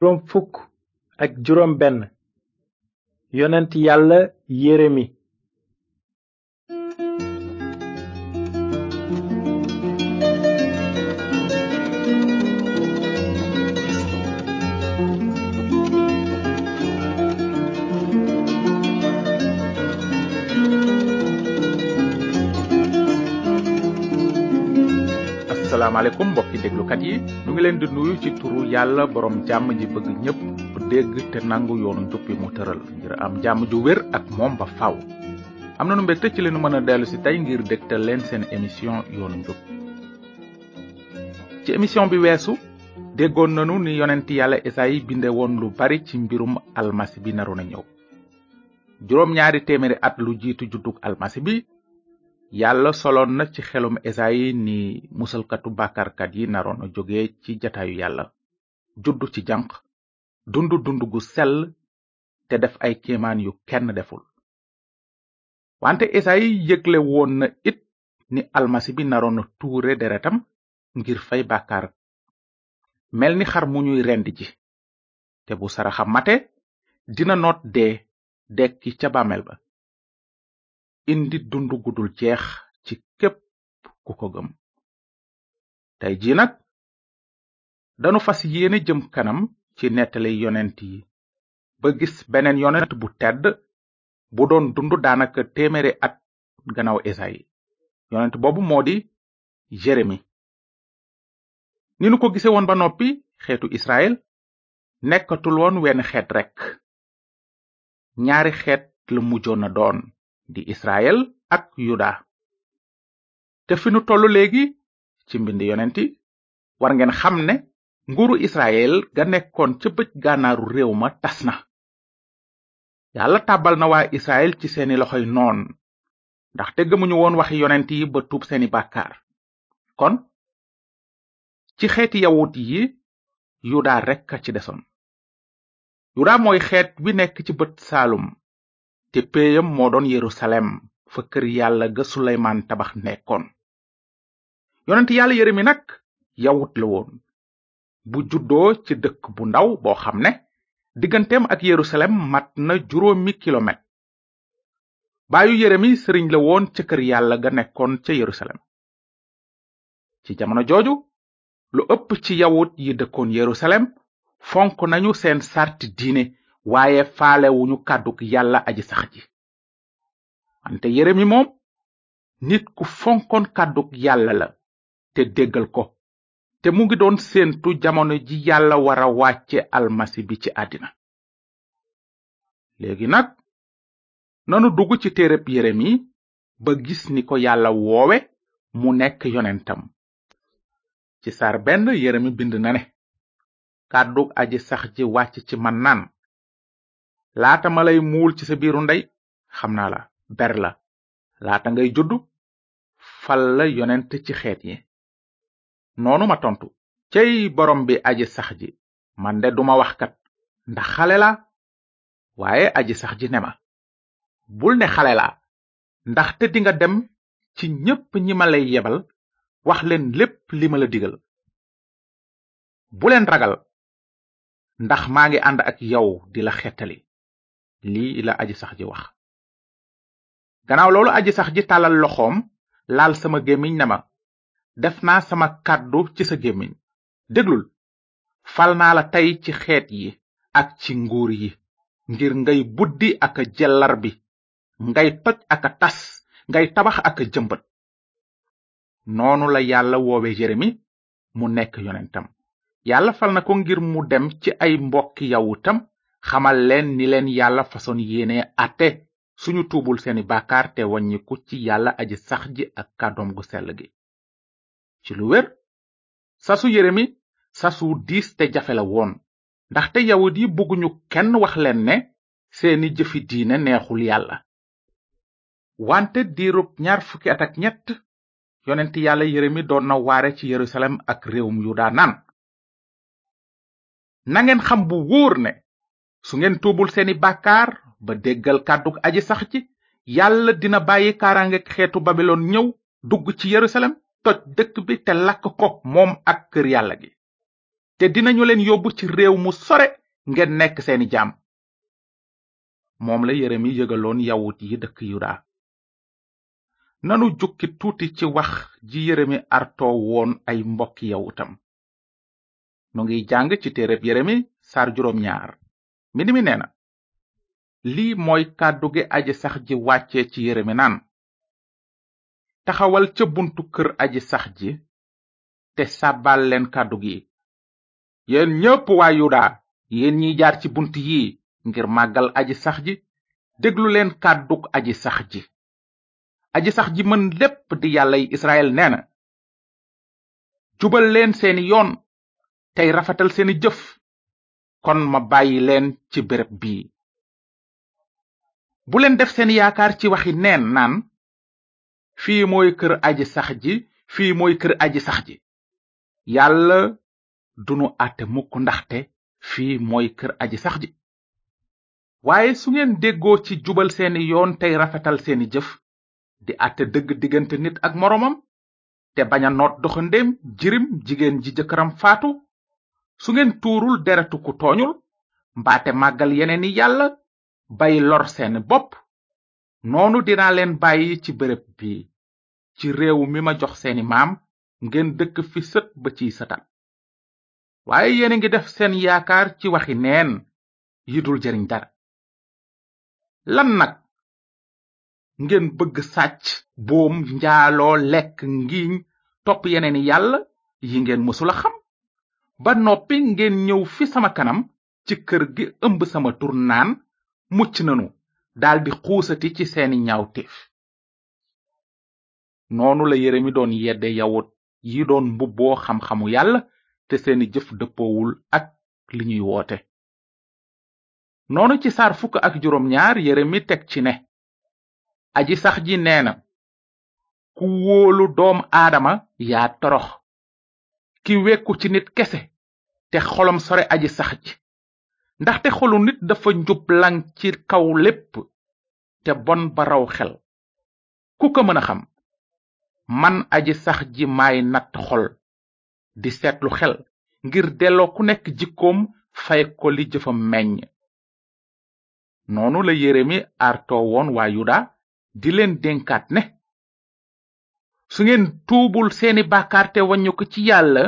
juróom fukk ak juróom benn yonent yàlla Yeremi asalaamaaleykum mbokki déglukat yi ñu ngi leen di nuyu ci turu yàlla borom jàmm ji bëgg ñépp dégg te nangu yoonu njub mu tëral ngir am jàmm ju wér ak moom ba faw am nanu mbégte ci leenu mën a dellu si tey ngir dégtal leen seen émission yoonu njub ci émission bi weesu déggoon nanu ni yonent yàlla esayi binde woon lu bari ci mbirum almasi bi naroon na ñëw juróom ñaari téeméeri at lu jiitu juddug almasi bi yàlla soloon na ci xelum esayi ni musalkatu bàkkaarkat yi naroon a jóge ci jataayu yàlla juddu ci janq dundu dund gu sell te def ay kéemaan yu kenn deful wante esayi yëgle woon na it ni almasi bi naroon a tuure deretam ngir fay bàkkaar mel ni xar mu ñuy rend ji te bu saraxam mate dina noot dee dekki ca bàmmeel ba indi dundu gudul jeex ci képp ku ko gëm tey ji nag danu fas yéene jëm kanam ci nettali yonent yi ba gis beneen yonent bu tedd bu doon dund daanaka téeméeri at gannaaw esayi yonent boobu moo di jeremi ni nu ko gise woon ba noppi xeetu israel nekkatul woon wenn xeet rekk ñaari xeet la mujjoon na doon di israel ak yuda te fi nu tollu léegi ci mbind yonenti war ngeen xam ne nguuru israel ga nekkoon ca bëj gànnaaru réew ma tas na yàlla tàbbal na waa israel ci seeni loxoy noon ndaxte gëmuñu woon waxi yonent yi ba tuub seeni bàkkaar kon ci xeeti yawut yi yuda rekk a ci desoon yuda mooy xeet wi nekk ci bët saalum te péeyam moo doon yerusalem fa kër yàlla ga suleymaan tabax nekkoon yonent yàlla yeremi nag yawut la bu juddoo ci dëkk bu ndaw boo xam ne digganteem ak yerusalem mat na juróomi kilomètre baayu yeremi sëriñ la woon ca kër yàlla ga nekkoon ca yerusalem ci jamono jooju lu ëpp ci yawut yi dëkkoon yerusalem fonk nañu seen sàrt diine waaye faalewuñu kàdduk yàlla aji sax ji wante yeremi moom nit ku fonkoon kàdduk yàlla la te déggal ko te mu ngi doon séentu jamono ji yàlla wara wàcce almasi bi ci àddina léegi nag nanu dugg ci téereb yeremi ba gis ni ko yàlla woowe mu nekk yonentam ci sar benn yeremi bind na ne kàddug aji sax ji wàcc ci man naan laata ma lay muul ci sa biiru ndey xam naa la ber la laata ngay juddu fal la yonent ci xeet yi noonu ma tontu cey borom bi aji sax ji man de duma wax ndax xale la waaye aji sax ji ne ma bul ne xale la ndaxte dinga dem ci ñépp ñi ma lay yebal wax leen lépp li ma la digal bu leen ragal ndax maa ngi ànd ak yow di la xetali lii la sax ji wax gannaaw loolu aji sax ji tàllal loxoom laal sama gémmiñ na ma def naa sama kàddu ci sa gémmiñ déglul fal naa la tey ci xeet yi ak ci nguur yi ngir ngay buddi ak a jellar bi ngay toj ak a tas ngay tabax ak a jëmbat noonu la yàlla woowe jeremi mu nekk yonentam yàlla fal na ko ngir mu dem ci ay mbokki yawutam xamal leen ni leen yàlla fasoon yéene ate suñu tuubul seeni bàkkaar te waññiku ci yàlla aji sax ji ak kàddoom gu sell gi ci lu wér sasu yeremi sasu diis te jafela la woon ndaxte yawut yi bëgguñu kenn wax leen ne seeni jëfi diine neexul yàlla wante diirub ñaar fukki at ak ñett yonent yàlla yeremi doon na waare ci yerusalem ak réewum yuda naan nangeen xam bu wóor ne su ngeen tuubul seeni bàkkaar ba déggal kàddug aji sax ci yàlla dina bàyyi kaaraange xeetu babilon ñëw dugg ci yerusalem toj dëkk bi te lakk ko moom ak kër yàlla gi te dinañu leen yóbbu ci réew mu sore ngeen nekk seeni jaam moom la yeremi yëgaloon yawut yi dëkk yuda nanu jukki tuuti ci wax ji yeremi arto woon ay mbokki yawutam nu ngi jàng ci téereb yeremi sar juróom ñaar mbind mi nee lii mooy kàddu gi aji sax ji wàcce ci yeremi naan taxawal ca buntu kër aji sax ji te sàbbal leen kàddu gi yéen ñépp waa yuda yéen ñiy jaar ci bunt yi ngir màggal aji sax ji déglu leen kàddug aji sax ji aji sax ji mën lépp di yàllay israel nee na jubal leen seeni yoon tey rafetal seeni jëf kon ma bàyyi leen ci béréb bii bu def seen yaakaar ci waxi neen naan fii mooy kër aji sax ji fii mooy kër aji sax ji yàlla dunu àtte mukk ndaxte fii mooy kër aji sax ji waaye su ngeen déggoo ci jubal seeni yoon tey rafetal seeni jëf di àtte dëgg diggante nit ak moroomam te bañ a noot doxandéem jirim jigéen ji jëkkëram faatu su ngeen tuurul deretu ku tooñul mbaate màggal yeneeni yàlla bay lor seeni bopp noonu dinaa leen bàyyi ci bërëb bi ci réew mi ma jox seeni maam ngeen dëkk fi sët ba ciy sëtaat waaye yéen a ngi def seen yaakaar ci waxi neen yi dul jariñ dara lan nag ngeen bëgg sàcc boom njaaloo lekk ngiiñ topp yeneeni yàlla yi ngeen mësula xam ba noppi ngeen ñëw fi sama kanam ci kër gi ëmb sama turnaan mucc nanu daldi xuusati ci seeni ñaawteef noonu la yeremi doon yedde yawut yi doon mbubboo xam-xamu yàlla te seeni jëf dëppowul ak li ñuy woote noonu ci saar fukk ak juróom ñaar yeremi teg ci ne aji sax ji nee na ku wóolu doom aadama yaa torox ki wekku ci nit kese te xolam sore aji sax ji ndaxte xolu nit dafa njublan ci kaw lépp te bon ba raw xel ku ko mën a xam man aji sax ji maay natt xol di seetlu xel ngir delloo ku nekk jikkoom fay ko li jëfam meññ noonu la yeremi arto woon waa yuda di leen dénkaat ne su ngeen tuubul seeni bàkkaar te waññu ko ci yàlla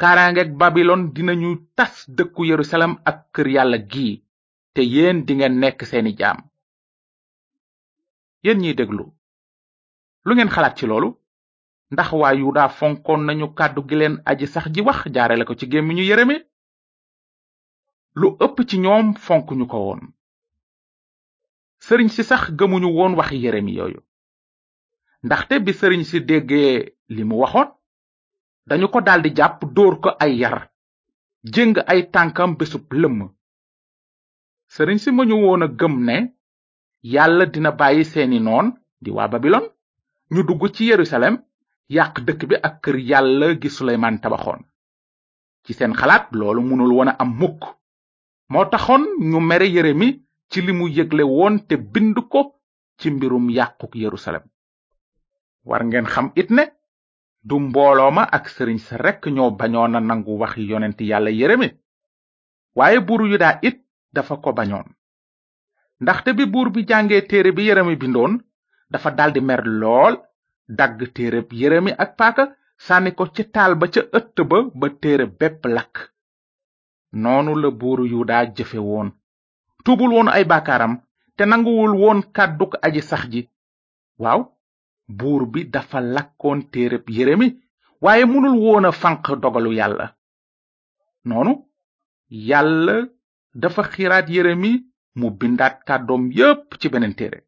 kaaraangeeg babilon dinañu tas dëkku yerusalem ak kër yàlla gi te yéen di ngeen nekk seeni jaam yéen ñiy déglu lu ngeen xalaat ci loolu ndax waa yuda fonkoon nañu kàddu gi leen aji sax ji wax jaarale ko ci gémmiñu yeremi lu ëpp ci ñoom fonkuñu ko woon sëriñ si sax gëmuñu woon wax yeremi yooyu ndaxte bi sëriñ si déggee li mu waxoon dañu ko daldi jàpp dóor ko ay yar jëng ay tànkam bésub lëmm sëriñ si mëñu woon a gëm ne yàlla dina bàyyi seeni noon di waa babilon ñu dugg ci yerusalem yàq dëkk bi ak kër yàlla gi suleymaan tabaxoon ci seen xalaat loolu mënul woon a am mukk moo taxoon ñu mere yeremi ci li mu yëgle woon te bind ko ci mbirum yàquk yerusalem war ngeen xam it ne du mbooloo ma ak sëriñ sa rekk ñoo bañoon a nangu wax yonent yàlla yeremi waaye buuru yuda it dafa ko bañoon ndaxte bi buur bi jàngee téere bi yeremi bindoon dafa daldi mer lool dagg téereb yeremi ak paaka sànni ko ci taal ba ca ëtt ba ba téere bépp lakk noonu la buuru yuda jëfe woon tuubul woon ay baakaaram te nanguwul woon kàdduk aji sax ji waaw buur bi dafa lakkoon téereb yeremi waaye munul woon fanq dogalu yàlla noonu yàlla dafa xiraat yeremi mu bindaat kàddoom yépp ci beneen téere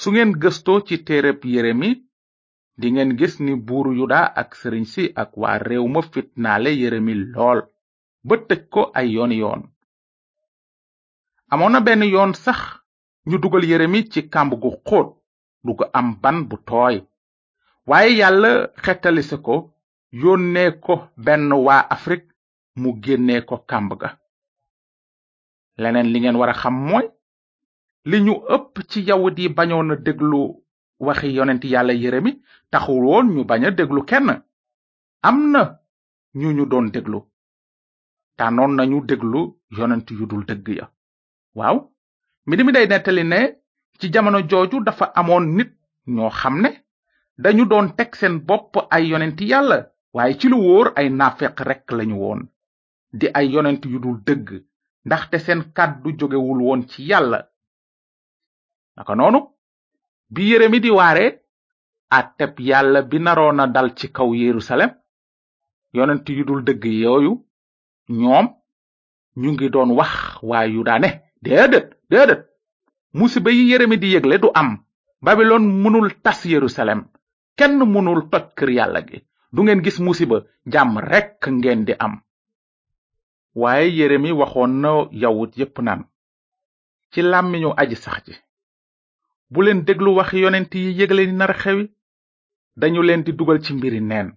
su ngeen gëstoo ci téereb di ngeen gis ni buuru yuda ak sëriñ si ak waa réew ma fitnaale yeremi lool ba tëj ko ay yooni yoon amoon na benn yoon sax ñu dugal yeremi ci kàmb gu xóot du ko am ban bu tooy waaye yàlla xetalise ko yónnee ko benn waa afrik mu génnee ko kàmb ga leneen li ngeen war a xam mooy li ñu ëpp ci yawut yi bañoon a déglu waxi yonent yàlla yeremi taxul woon ñu bañ déglu kenn am na ñu ñu doon déglu tànnoon nañu déglu yonent yu dul dëgg ya waaw mbir mi ci jamono jooju dafa amoon nit ñoo xam ne dañu doon teg seen bopp ay yonenti yàlla waaye ci lu wóor ay naafeq rekk lañu woon di ay yonent yu dul dëgg ndaxte seen kàddu jógewul woon ci yàlla ko noonu bi yeremi di waare àtteb yàlla bi naroon a dal ci kaw yerusalem yonent yu dul dëgg yooyu ñoom ñu ngi doon wax waa yuda ne déedéet déedéet musiba yi yeremi di yégle du am babilon mënul tas yerusalem kenn mënul toj kër yàlla gi du ngeen gis musiba jàmm rekk ngeen di am waaye yeremi waxoon na yawut yépp naan ci làmmiñu aji sax ji bu leen déglu wax yonent yi yégle ni na xewi dañu leen di dugal ci mbir yi neen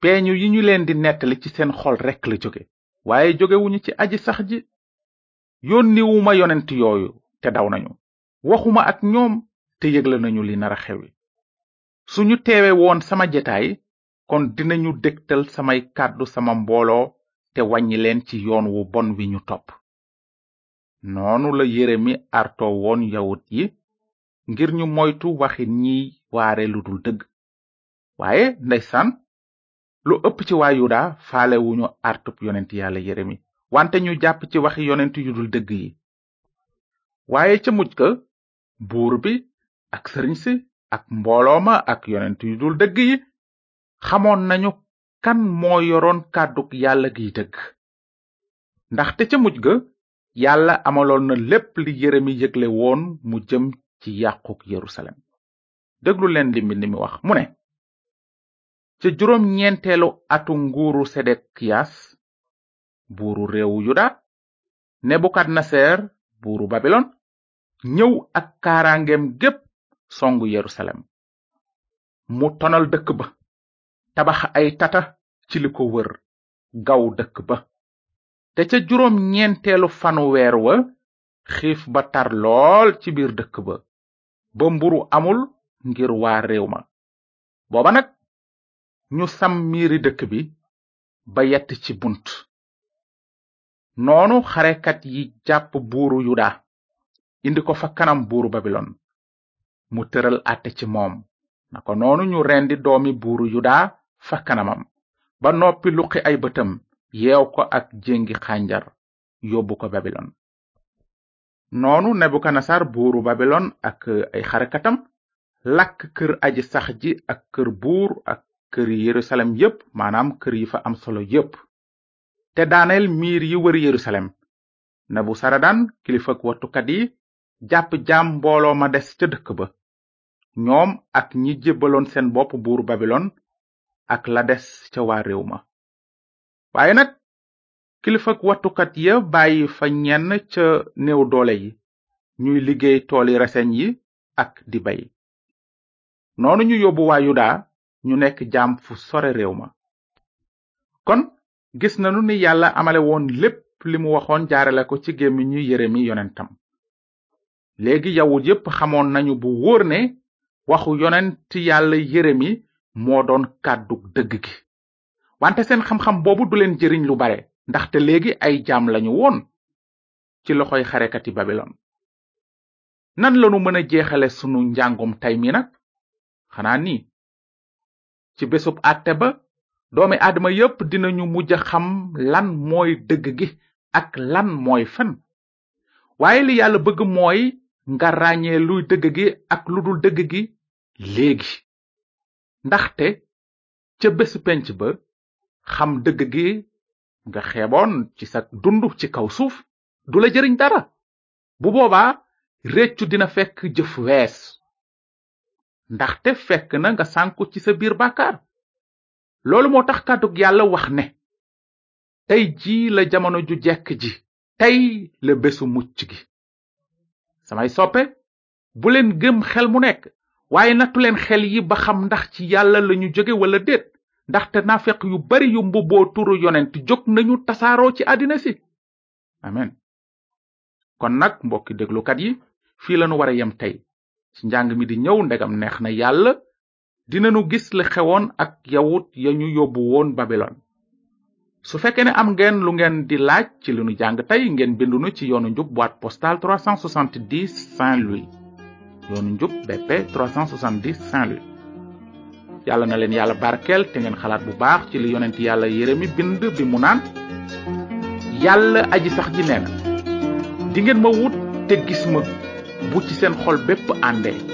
peeñu yi ñu leen di nettali ci seen xol rekk la jóge waaye jógewuñu ci aji sax ji yónniwuma yonent yooyu te daw nañu waxuma ak ñoom te yëgle nañu li nara xewi suñu teewee woon sama jetaay kon dinañu dégtal samay kàddu sama mbooloo te wàññi leen ci yoon wu bon wi ñu topp noonu la yeremi arto woon yawut yi ngir ñu moytu waxi ñi waare lu dul dëgg waaye ndeysaan lu ëpp ci waa yuda faale wuñu artub yonent yàlla yeremi wante ñu jàpp ci waxi yonent yu dul dëgg yi waaye ca mujj ga buur bi ak sëriñ si ak mbooloo ma ak yonent yu dul dëgg yi xamoon nañu kan moo yoroon kàddug yàlla giy dëgg ndaxte ca mujj ga yàlla amaloon na lépp li yeremi yëgle woon mu jëm ci yàquk yerusalem déglu leen li mbind mi wax mu ne ca juróom ñeenteelu atu nguuru sedekiyas buuru réewu yuda nebukadnaser buuru babilon ñëw ak kaaraangeem gépp songu yerusalem mu tonal dëkk ba tabax ay tata ci li ko wër gaw dëkk ba te ca juróom ñeenteelu fanu weer wa xiif ba tar lool ci biir dëkk ba ba mburu amul ngir waa réew ma booba nag ñu sam miiri dëkk bi ba yet ci bunt noonu xarekat yi jàpp buuru yuda indi ko fa kanam buuru babilon mu tëral àtte ci moom naka noonu ñu rendi doomi buuru yuda fa kanamam ba noppi luqi ay bëtam yeew ko ak jéngi xànjar yóbbu ko babilon noonu nebukadnesar buuru babilon ak ay xarekatam lakk kër aji sax ji ak kër buur ak kër yerusalem yépp maanaam kër yi fa am solo yépp te daaneel miir yi wër yerusalem nebusaradan kilifak wattukat yi jàpp jaam mbooloo ma des ca dëkk ba ñoom ak ñi jébbaloon seen bopp buur babilon ak la des ca waa réew ma waaye nag kilifa wattukat ya bàyyi fa ñenn ca néew doole yi ñuy liggéey tooli reseñ yi ak di bay noonu ñu yóbbu waa yuda ñu nekk jaam fu sore réew ma kon gis nanu ni yàlla amale woon lépp li mu waxoon jaarale ko ci gémmiñu yeremi yonentam léegi yawut yépp xamoon nañu bu wóor ne waxu yonent yàlla yëremi moo doon kàddu dëgg gi wante seen xamxam boobu du leen jëriñ lu bare ndaxte léegi ay jaam lañu woon ci loxoy xarekati babilon nan lanu mën a jeexale sunu njàngum tey mi nag xanaa ni ci bésub àtte ba doomi adama yépp dinañu mujj xam lan mooy dëgg gi ak lan mooy fen waaye li yàlla bëgg mooy nga ràññee luy dëgg gi ak lu dul dëgg gi léegi ndaxte ca bésu penc ba xam dëgg gi nga xeeboon ci sa dund ci kaw suuf du la jëriñ dara bu boobaa réccu dina fekk jëf wees ndaxte fekk na nga sànku ci sa biir bàkkaar loolu moo tax kàddug yàlla wax ne tey ji la jamono ju jekk ji tey la bésu mucc gi samay soppe bu leen gëm xel mu nekk waaye nattu leen xel yi ba xam ndax ci yàlla lañu jóge wala déet ndaxte nafeq yu bari yu mbubboo turu yonent jóg nañu tasaaroo ci àddina si amen kon nag mbokki déglukat yi fii lañu war a yem tey ci njàng mi di ñëw ndegam neex na yàlla dinañu gis li xewoon ak yawut ya ñu yóbbu woon babilon su fekkee ne am ngeen lu ngeen di laaj ci li nu jàng tey ngeen bindunu ci yoonu njub boîte postale 370 Saint-Louis yoonu njub BP 370 Saint-Louis yàlla na leen yàlla barkeel te ngeen xalaat bu baax ci li yonent yàlla Yeremi bind bi mu naan yàlla aji sax ji nee di ngeen ma wut te gis ma bu ci seen xol bépp àndee